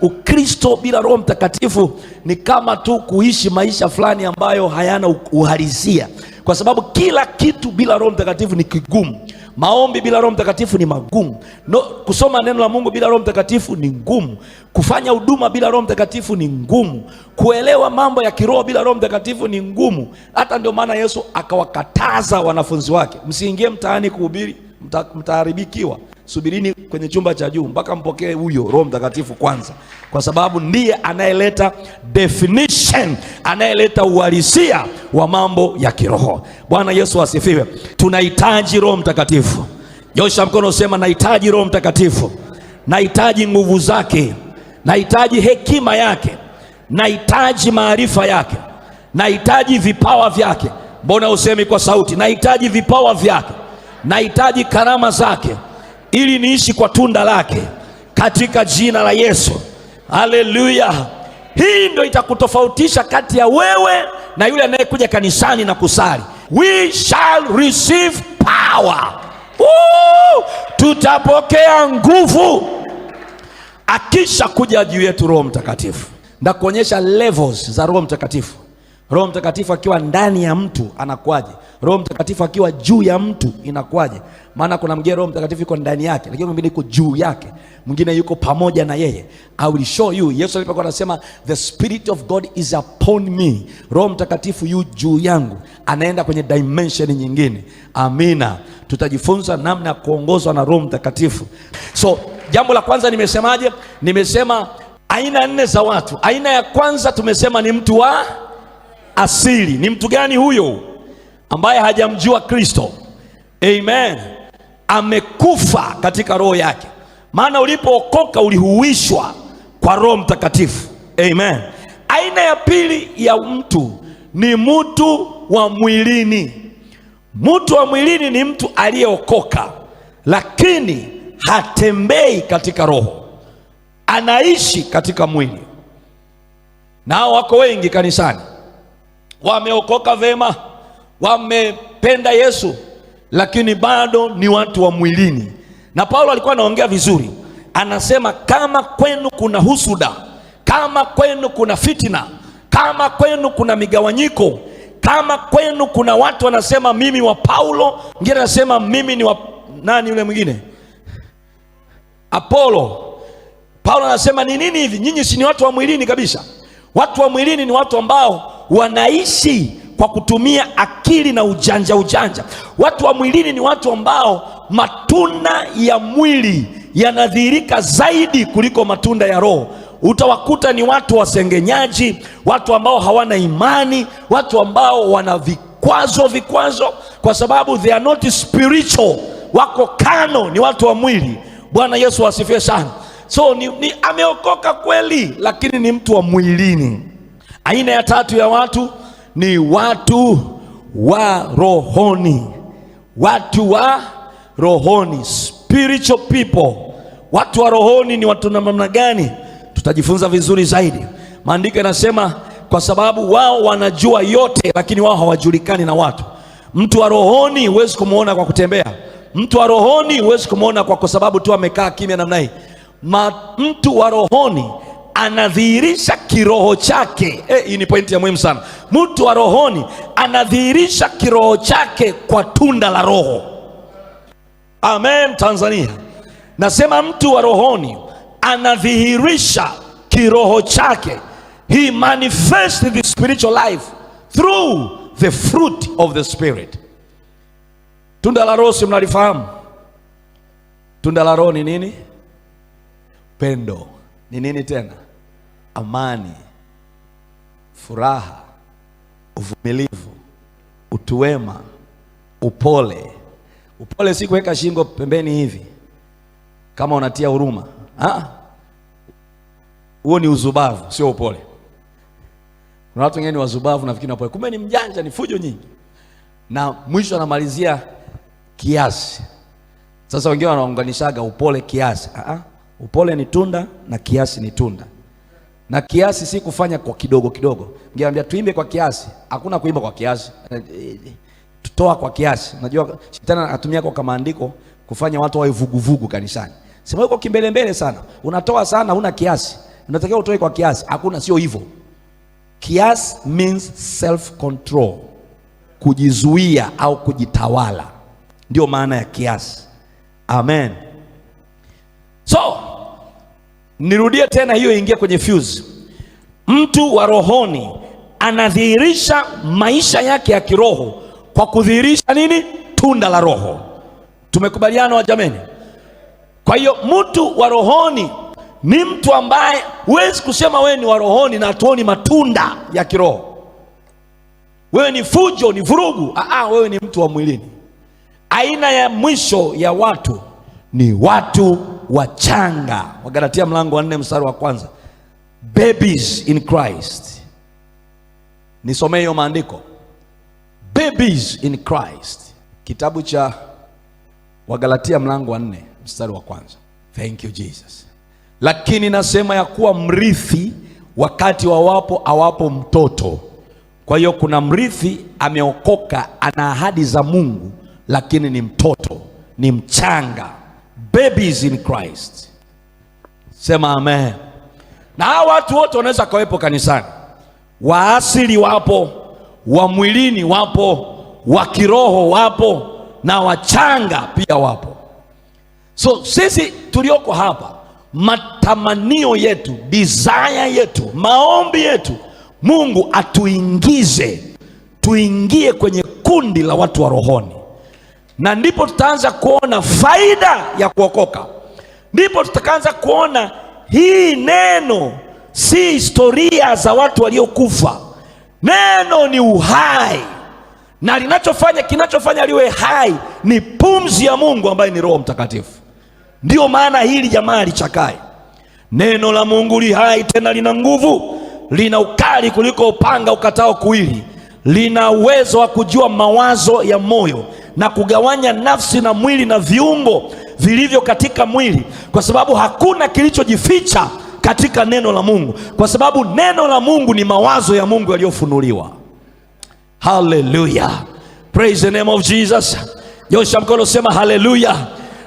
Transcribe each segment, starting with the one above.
Ukristo bila Roho Mtakatifu ni kama tu kuishi maisha fulani ambayo hayana uhalisia, kwa sababu kila kitu bila Roho Mtakatifu ni kigumu. Maombi bila Roho Mtakatifu ni magumu. No, kusoma neno la Mungu bila Roho Mtakatifu ni ngumu. Kufanya huduma bila Roho Mtakatifu ni ngumu. Kuelewa mambo ya kiroho bila Roho Mtakatifu ni ngumu. Hata ndio maana Yesu akawakataza wanafunzi wake, msiingie mtaani kuhubiri, mtaharibikiwa subirini kwenye chumba cha juu mpaka mpokee huyo Roho Mtakatifu kwanza, kwa sababu ndiye anayeleta definition, anayeleta uhalisia wa mambo ya kiroho. Bwana Yesu asifiwe. Tunahitaji Roho Mtakatifu. Josha mkono usema, nahitaji Roho Mtakatifu, nahitaji nguvu zake, nahitaji hekima yake, nahitaji maarifa yake, nahitaji vipawa vyake. Mbona usemi kwa sauti? Nahitaji vipawa vyake, nahitaji karama zake ili niishi kwa tunda lake katika jina la Yesu. Haleluya! Hii ndio itakutofautisha kati ya wewe na yule anayekuja kanisani na kusali, we shall receive power. Woo! tutapokea nguvu akisha kuja juu yetu Roho Mtakatifu. Ndakuonyesha levels za Roho Mtakatifu. Roho Mtakatifu akiwa ndani ya mtu anakuwaje? Roho Mtakatifu akiwa juu ya mtu inakuwaje? Maana kuna mgeni Roho Mtakatifu yuko ndani yake, lakini mwingine yuko juu yake, mwingine yuko pamoja na yeye. I will show you. Yesu alipokuwa anasema the spirit of God is upon me, Roho Mtakatifu yu juu yangu, anaenda kwenye dimension nyingine. Amina, tutajifunza namna ya kuongozwa na Roho Mtakatifu. So jambo la kwanza nimesemaje? Nimesema aina nne za watu. Aina ya kwanza tumesema ni mtu wa asili. Ni mtu gani huyo? ambaye hajamjua Kristo, amen, amekufa katika roho yake. Maana ulipookoka ulihuishwa kwa Roho Mtakatifu, amen. Aina ya pili ya mtu ni mtu wa mwilini. Mtu wa mwilini ni mtu aliyeokoka, lakini hatembei katika roho, anaishi katika mwili. Na wako wengi kanisani, wameokoka vema wamependa Yesu lakini bado ni watu wa mwilini. Na Paulo alikuwa anaongea vizuri, anasema kama kwenu kuna husuda, kama kwenu kuna fitina, kama kwenu kuna migawanyiko, kama kwenu kuna watu wanasema mimi wa Paulo, mwingine anasema mimi ni wa nani, yule mwingine Apolo. Paulo anasema ni nini hivi? Nyinyi si ni watu wa mwilini kabisa? Watu wa mwilini ni watu ambao wanaishi kwa kutumia akili na ujanja ujanja. Watu wa mwilini ni watu ambao matunda ya mwili yanadhihirika zaidi kuliko matunda ya roho. Utawakuta ni watu wasengenyaji, watu ambao hawana imani, watu ambao wana vikwazo vikwazo, kwa sababu they are not spiritual, wako kano, ni watu wa mwili. Bwana Yesu asifiwe sana. So ni, ni ameokoka kweli, lakini ni mtu wa mwilini. Aina ya tatu ya watu ni watu wa rohoni, watu wa rohoni, spiritual people. Watu wa rohoni ni watu na namna gani? Tutajifunza vizuri zaidi. Maandiko yanasema kwa sababu wao wanajua yote, lakini wao hawajulikani na watu. Mtu wa rohoni huwezi kumwona kwa kutembea, mtu wa rohoni huwezi kumwona kwa, kwa sababu tu amekaa kimya namna hii. Mtu wa rohoni anadhihirisha kiroho chake. Eh, hii ni pointi ya muhimu sana. Mtu wa rohoni anadhihirisha kiroho chake kwa tunda la Roho. Amen, Tanzania. Nasema mtu wa rohoni anadhihirisha kiroho chake, he manifest the spiritual life through the fruit of the spirit. Tunda la Roho si mnalifahamu? Tunda la Roho ni nini? Pendo ni nini tena? amani, furaha, uvumilivu, utu wema, upole. Upole si kuweka shingo pembeni hivi kama unatia huruma. Huo ni uzubavu, sio upole. Kuna watu wengine ni wazubavu, nafikiri upole, kumbe ni mjanja, ni fujo nyingi, na mwisho anamalizia kiasi. Sasa wengine wanaunganishaga upole kiasi. Aa, upole ni tunda na kiasi ni tunda na kiasi si kufanya kwa kidogo kidogo. Ngiambia tuimbe kwa kiasi, hakuna kuimba kwa kiasi, tutoa kwa kiasi. Unajua shetani anatumia kwa maandiko kufanya watu wawe vuguvugu kanisani, sema uko kimbele mbele sana, unatoa sana, una kiasi. Unatakiwa utoe kwa kiasi, hakuna, sio hivyo. Kiasi means self control, kujizuia au kujitawala, ndio maana ya kiasi. Amen. Nirudie tena hiyo, ingia kwenye fuse. Mtu wa rohoni anadhihirisha maisha yake ya kiroho kwa kudhihirisha nini? Tunda la Roho. Tumekubaliana wa jameni? Kwa hiyo mtu wa rohoni ni mtu ambaye huwezi kusema wewe ni wa rohoni na hatuoni matunda ya kiroho. Wewe ni fujo, ni vurugu. Aa, ah, ah, wewe ni mtu wa mwilini. Aina ya mwisho ya watu ni watu wachanga. Wagalatia mlango wa nne mstari wa kwanza, babies in Christ. Nisomee hiyo maandiko babies in Christ, kitabu cha Wagalatia mlango wa nne mstari wa kwanza. Thank you Jesus. Lakini nasema ya kuwa mrithi wakati wawapo awapo mtoto. Kwa hiyo kuna mrithi ameokoka, ana ahadi za Mungu, lakini ni mtoto, ni mchanga babies in Christ. Sema amen. Na hawa watu wote wanaweza kawepo kanisani, wa asili wapo, wa mwilini wapo, wa kiroho wapo, na wachanga pia wapo. So sisi tulioko hapa, matamanio yetu, desire yetu, maombi yetu, Mungu atuingize, tuingie kwenye kundi la watu wa rohoni na ndipo tutaanza kuona faida ya kuokoka, ndipo tutaanza kuona hii neno si historia za watu waliokufa. Neno ni uhai, na linachofanya kinachofanya liwe hai ni pumzi ya Mungu ambaye ni Roho Mtakatifu. Ndiyo maana hili jamaa lichakae. Neno la Mungu li hai tena lina nguvu, lina ukali kuliko upanga ukatao kuwili, lina uwezo wa kujua mawazo ya moyo na kugawanya nafsi na mwili na viungo vilivyo katika mwili, kwa sababu hakuna kilichojificha katika neno la Mungu, kwa sababu neno la Mungu ni mawazo ya Mungu yaliyofunuliwa. Haleluya, praise the name of Jesus. Nyosha mkono, sema haleluya.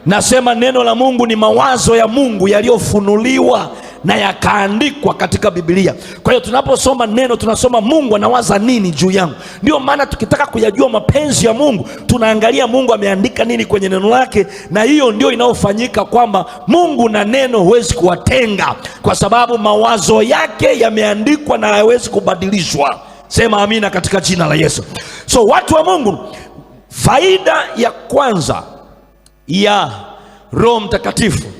Nasema neno la Mungu ni mawazo ya Mungu yaliyofunuliwa na yakaandikwa katika Biblia. Kwa hiyo tunaposoma neno tunasoma Mungu anawaza nini juu yangu. Ndio maana tukitaka kuyajua mapenzi ya Mungu tunaangalia Mungu ameandika nini kwenye neno lake, na hiyo ndio inayofanyika kwamba Mungu na neno huwezi kuwatenga, kwa sababu mawazo yake yameandikwa na hayawezi kubadilishwa. Sema amina katika jina la Yesu. So watu wa Mungu, faida ya kwanza ya Roho Mtakatifu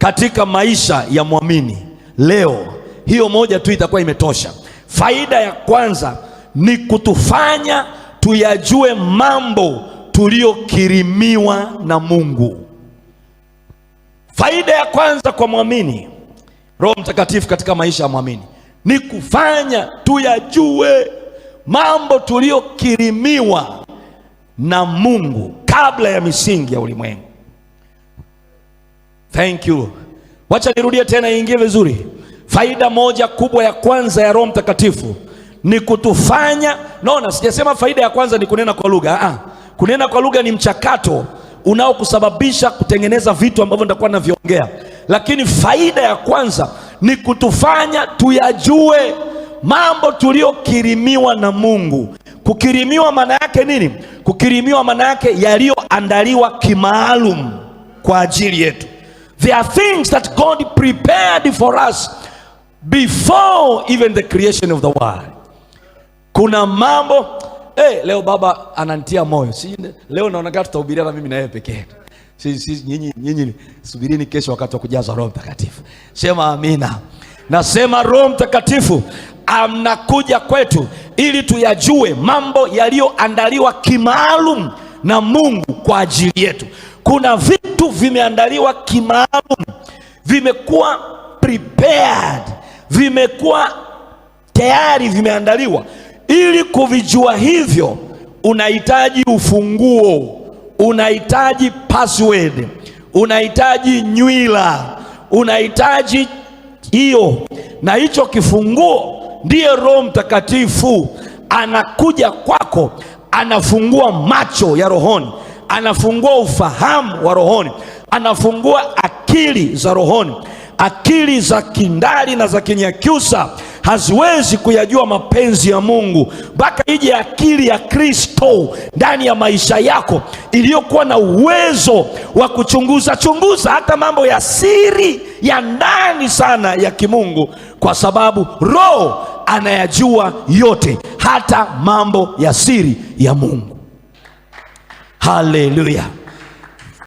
katika maisha ya mwamini leo. Hiyo moja tu itakuwa imetosha. Faida ya kwanza ni kutufanya tuyajue mambo tuliyokirimiwa na Mungu. Faida ya kwanza kwa mwamini, Roho Mtakatifu katika maisha ya mwamini ni kufanya tuyajue mambo tuliyokirimiwa na Mungu kabla ya misingi ya ulimwengu. Thank you. Wacha nirudie tena iingie vizuri. Faida moja kubwa ya kwanza ya Roho Mtakatifu ni kutufanya naona, sijasema faida ya kwanza ni kunena kwa lugha. Ah, ah, kunena kwa lugha ni mchakato unaokusababisha kutengeneza vitu ambavyo nitakuwa naviongea, lakini faida ya kwanza ni kutufanya tuyajue mambo tuliyokirimiwa na Mungu. Kukirimiwa maana yake nini? Kukirimiwa maana yake yaliyoandaliwa kimaalum kwa ajili yetu. There are things that God prepared for us before even the creation of the world. Kuna mambo hey, eh, leo baba anantia moyo si, leo naonekana tutahubiria na mimi na yeye pekee. Sisi nyinyi nyinyi, subirini kesho wakati wa kujaza Roho Mtakatifu. Sema amina. Nasema Roho Mtakatifu amnakuja kwetu ili tuyajue mambo yaliyoandaliwa kimaalum na Mungu kwa ajili yetu kuna vitu vimeandaliwa kimaalum, vimekuwa prepared, vimekuwa tayari, vimeandaliwa. Ili kuvijua hivyo, unahitaji ufunguo, unahitaji password, unahitaji nywila, unahitaji hiyo, na hicho kifunguo ndiye Roho Mtakatifu anakuja kwako, anafungua macho ya rohoni anafungua ufahamu wa rohoni, anafungua akili za rohoni. Akili za kindali na za kinyakyusa haziwezi kuyajua mapenzi ya Mungu mpaka ije akili ya Kristo ndani ya maisha yako iliyokuwa na uwezo wa kuchunguza chunguza hata mambo ya siri ya ndani sana ya kimungu, kwa sababu Roho anayajua yote, hata mambo ya siri ya Mungu. Hallelujah.